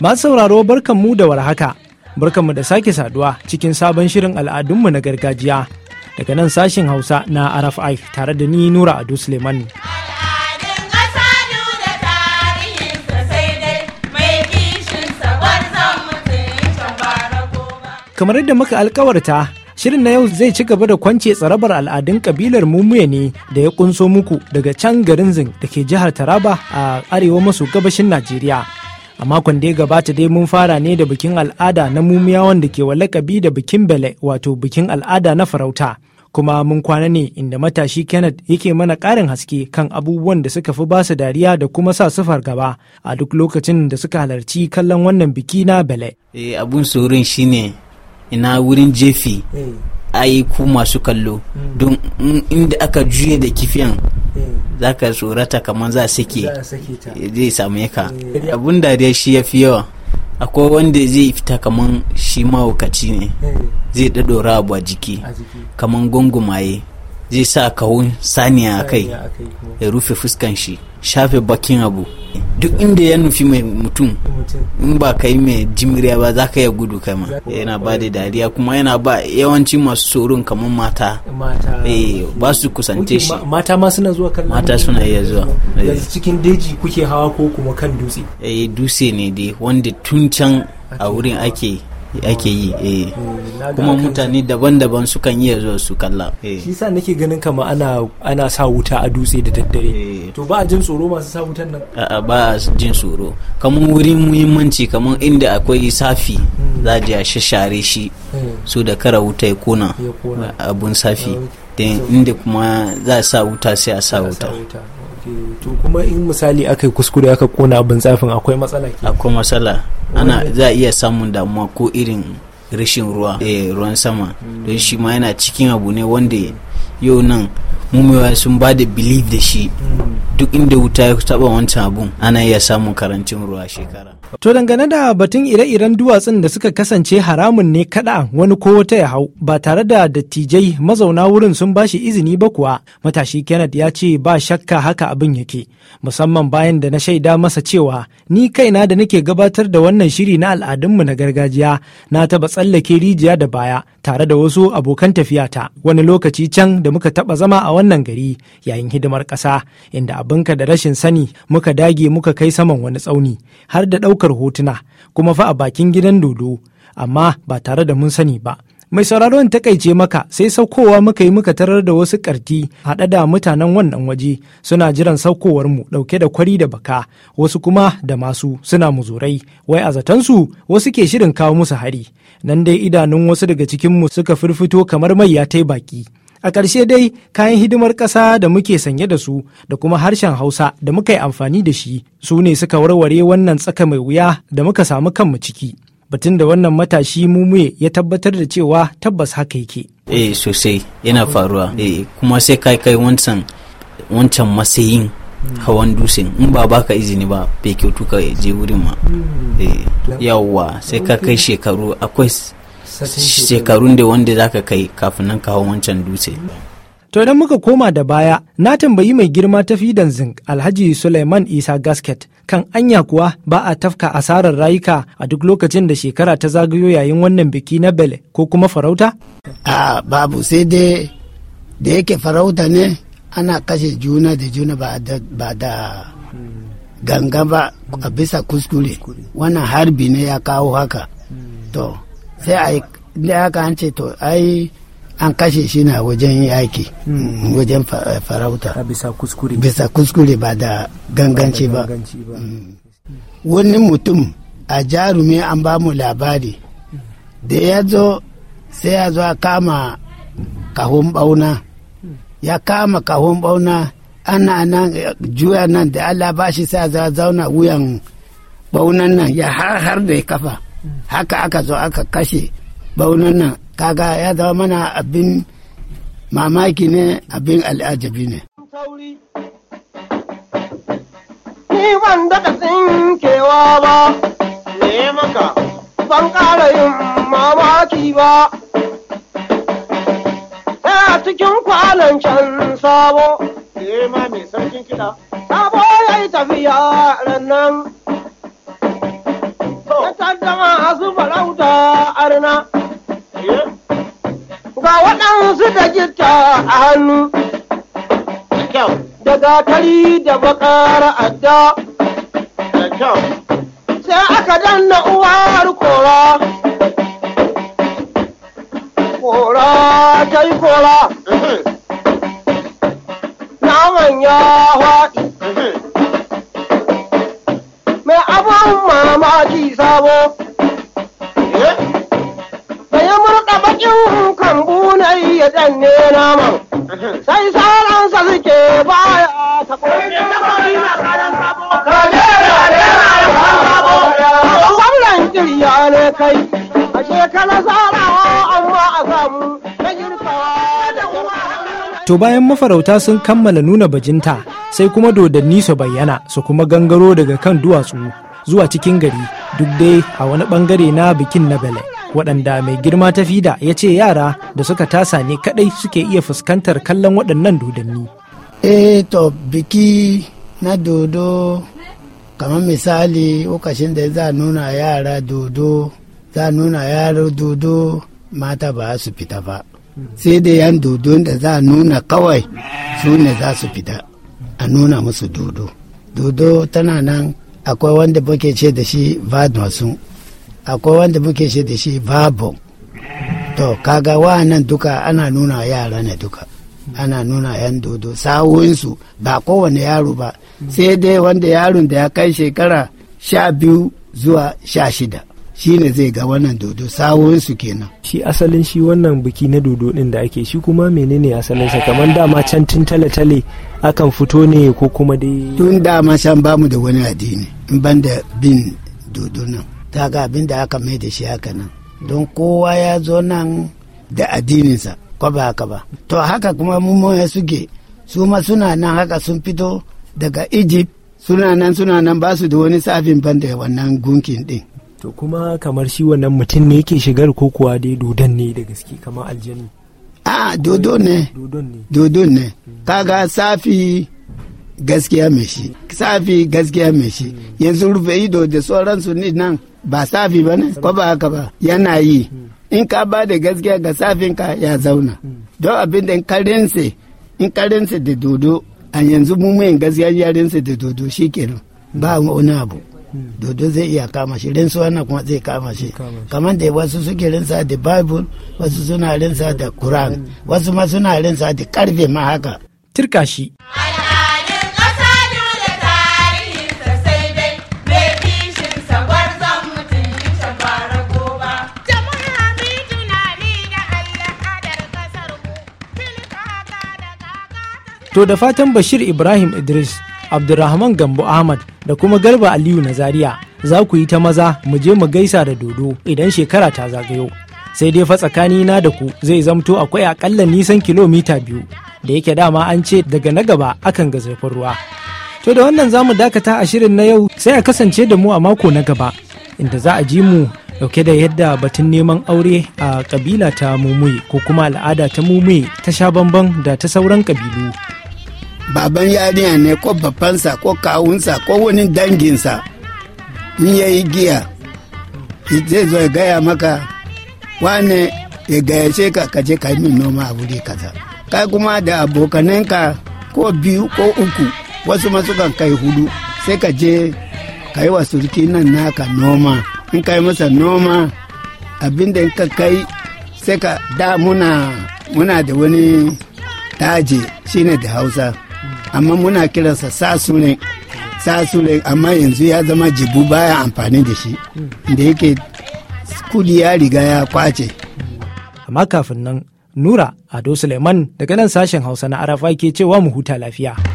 Masu sauraro barkan mu da warhaka, barkanmu da sake saduwa cikin sabon shirin al'adunmu na gargajiya daga nan sashen Hausa na RFI tare da ni Nura Adu Suleiman. Kamar yadda muka alkawarta shirin na yau zai ci gaba da kwance tsarabar al'adun kabilar mumuye ne da ya kunso muku daga can garin zin da ke jihar taraba a arewa maso gabashin najeriya a makon da ya gabata dai mun fara ne da bikin al'ada na mumiya wanda ke lakabi da bikin bele wato bikin al'ada na farauta kuma mun kwana ne inda matashi kenneth yake mana karin haske kan abubuwan da suka fi basu dariya da kuma sa su fargaba a duk lokacin da suka halarci kallon wannan biki na bele eh abun tsoron shine ina wurin jefi eh. ai ku masu kallo hmm. don inda aka juye da kifiyan za ka tsorata kamar za ke eh, zai same ka eh. abun dariya shi ya fi yawa akwai wanda zai fita kamar shi mahaukaci ne eh. zai ɗaɗora abu a jiki kamar gungumaye zai sa kawun saniya a kai ya rufe fuskan shi shafe bakin abu duk inda ya nufi mai mutum in ba kai mai jimiriya ba za ka yi gudu kama yana ba da dariya kuma yana ba yawanci masu tsoron kamar mata eh, ba su kusance shi mata ma suna zuwa kan mata suna iya zuwa yanzu eh. cikin deji kuke hawa ko kuma kan dutse eh dutse ne dai wanda tun can a wurin ake ake yi eh, eh kuma mutane daban-daban sukan iya zuwa su kalla eh. shi sa nake ganin kama ana sa wuta a dutse da daddare eh. to ba a jin tsoro masu sa wutan nan a'a ba a jin tsoro kamar wurin muhimmanci kamar inda akwai safi hmm. za a share shi so da kara wuta ya kona abun safi inda kuma za a sa wuta sai a sa wuta to kuma in misali aka yi kuskure aka kona abin tsafin akwai matsala ke akwai matsala ana za a iya samun damuwa ko irin rashin ruwa eh ruwan sama hmm. don shi ma yana cikin abu ne wanda yau nan mummewa sun ba da belief da shi hmm. duk inda wuta ya taba wancan abun ana iya samun karancin ruwa shekara To dangane da batun ire-iren duwatsun da suka kasance haramun ne kada wani ko wata ya hau ba tare da dattijai mazauna wurin sun bashi izini ba kuwa matashi Kenneth ya ce ba shakka haka abin yake musamman bayan da na shaida masa cewa ni kaina da nake gabatar da wannan shiri na al'adunmu na gargajiya na taba tsallake rijiya da baya tare da wasu abokan tafiyata wani lokaci can da muka taba zama a wannan gari yayin hidimar ƙasa inda abinka da rashin sani muka dage muka kai saman wani tsauni har da ɗaukar ɗaukar hotuna kuma fa a bakin gidan dodo amma ba tare da mun sani ba mai sauraron takaice maka sai saukowa muka yi muka tarar da wasu karti haɗe da mutanen wannan waje suna jiran saukowar mu ɗauke da kwari da baka wasu kuma da masu suna muzurai wai a zatansu wasu ke shirin kawo musu hari nan dai idanun wasu daga cikin mu suka firfito kamar mai ya tai baki A ƙarshe dai kayan hidimar ƙasa da muke sanye da su da kuma harshen Hausa da muka yi amfani da shi su ne suka warware wannan tsaka mai wuya da muka samu kanmu ciki. Batun da wannan matashi mumuye ya tabbatar da cewa tabbas haka yake. Eh sosai yana faruwa eh kuma sai kai kai wancan wancan masayin hawan dusin in ba baka izini ba bai kyautu ka je wurin ma. Eh yawwa sai ka kai shekaru akwai shekarun da wanda zaka kai kafin nan ka hau wancan dutse to idan muka koma da baya na tambayi mai girma ta fidan zinc alhaji suleiman isa gasket kan anya kuwa ba a tafka asarar rayuka a duk lokacin da shekara ta zagayo yayin wannan biki na bele ko kuma farauta a babu sai dai da yake farauta ne ana kashe juna da juna ba da ganga ba a bisa kuskure wannan harbi ne ya kawo haka hmm. to sai a yi da aka an ce to ai an kashe shi na wajen yaki hmm. wajen eh, farauta bisa kuskure bisa ba da ganganci ba hmm. wani mutum a jarumi an ba mu labari da ya zo sai ya zo kama kahun bauna ya kama kahun bauna ana nan juya nan da allah ba shi sai ya zauna wuyan baunan nan ya har har da ya kafa hmm. haka aka zo aka kashe baunan nan kaga ya zama mana abin mamaki ne abin al'ajabi ne. Ni ban daɗa tsinkewa ba, ne maka ban ƙara yin mamaki ba. Ta cikin kwanan can sabo, ne eh, ma mai sarkin kiɗa, sabo ya yi tafiya ran nan. Ta tattama su farauta arna. Ga waɗansu da gita a hannu, da gatari da bakar adda, sai aka danna uwar kora. Kora ta yi kora, naman ya haɗi. Mai abin mamaki sabo. bakin kambunai ya danne naman sai sauransa suke baya ta Wannan kirya ne kai a shekara zarawa, amma a samu na girkawa To bayan mafarauta sun kammala nuna bajinta sai kuma dodanni su bayyana su kuma gangaro daga kan duwatsu zuwa cikin gari duk dai a wani bangare na bikin na Bele. waɗanda mai girma ta fida ya ce yara da suka tasa ne kaɗai suke iya fuskantar kallon waɗannan dodanni. eh to biki na dodo kamar misali lokacin da za nuna yara dodo za nuna yara dodo mata ba su fita ba sai da yan dodo da za nuna kawai su ne za su fita a nuna musu dodo dodo tana nan akwai wanda bake ce da shi sun. akwai wanda muke shi da shi babu to kaga wa nan duka ana nuna yara ne duka ana nuna yan dodo sawunsu ba kowane yaro ba sai dai wanda yaron da ya kai shekara sha biyu zuwa sha shida shi ne zai ga wannan dodo sawunsu kenan shi asalin shi wannan biki na dodo din da ake shi kuma menene asalinsa kamar dama can tun tale-tale akan fito ne ko kuma dai tun dama can bamu da wani addini in ban da bin dodo nan ga abin da aka mai da shi haka nan don kowa ya zo nan da addininsa ko ba haka ba to haka kuma mummoya suke su ma suna nan haka sun fito daga egypt suna nan suna nan ba su da wani safin ban da wannan gunkin din to kuma kamar shi wannan mutum ne yake shigar ko kuwa dai dodon ne da gaske kamar aljanni a dodon ne dodon ne hmm. kaga safi gaskiya mai shi safi gaskiya mai shi hmm. yanzu rufe ido da sauransu ne nan ba safi ba ne ko ba haka ba yana yi in ka ba da gaskiya ga ka ya zauna don abin da in karinsa in karinsa da dodo a yanzu mu muyin gaskiya yarinsa da dodo shi kenan ba wani abu dodo zai iya kama shi rinsu wannan kuma zai kama shi kamar da wasu suke rinsa da bible wasu suna rinsa da quran wasu ma suna rinsa da karfe ma haka turka shi to da fatan bashir ibrahim idris abdulrahman gambo ahmad da kuma garba aliyu na Zariya za ku yi ta maza mu je mu gaisa da dodo idan shekara ta zagayo sai dai fa tsakani na da ku zai zamto akwai akalla nisan kilomita biyu da yake dama an ce daga na gaba akan ga zafin ruwa to da wannan zamu dakata a shirin na yau sai a kasance da mu a mako na gaba inda za a ji mu dauke da yadda batun neman aure a kabila ta mumuye ko kuma al'ada ta mumuye ta sha bamban da ta sauran kabilu baban yarinya ne ko babansa ko kawunsa ko wani danginsa in ya yi giya zai zo ya gaya maka wane ya gayyace ka kaje ka yi noma a wuri kaza kai kuma da abokananka ko biyu ko uku wasu masu kan kai hudu sai ka je ka yi wa surki nan naka noma in ka yi masa noma abinda ka kai sai ka da muna da wani daji shine da hausa amma muna kiransa sasule sasule amma yanzu ya zama jibu baya amfani da shi da yake kudi ya riga ya kwace amma kafin nan nura ado suleiman daga nan sashen hausa na arafa ke cewa mu huta lafiya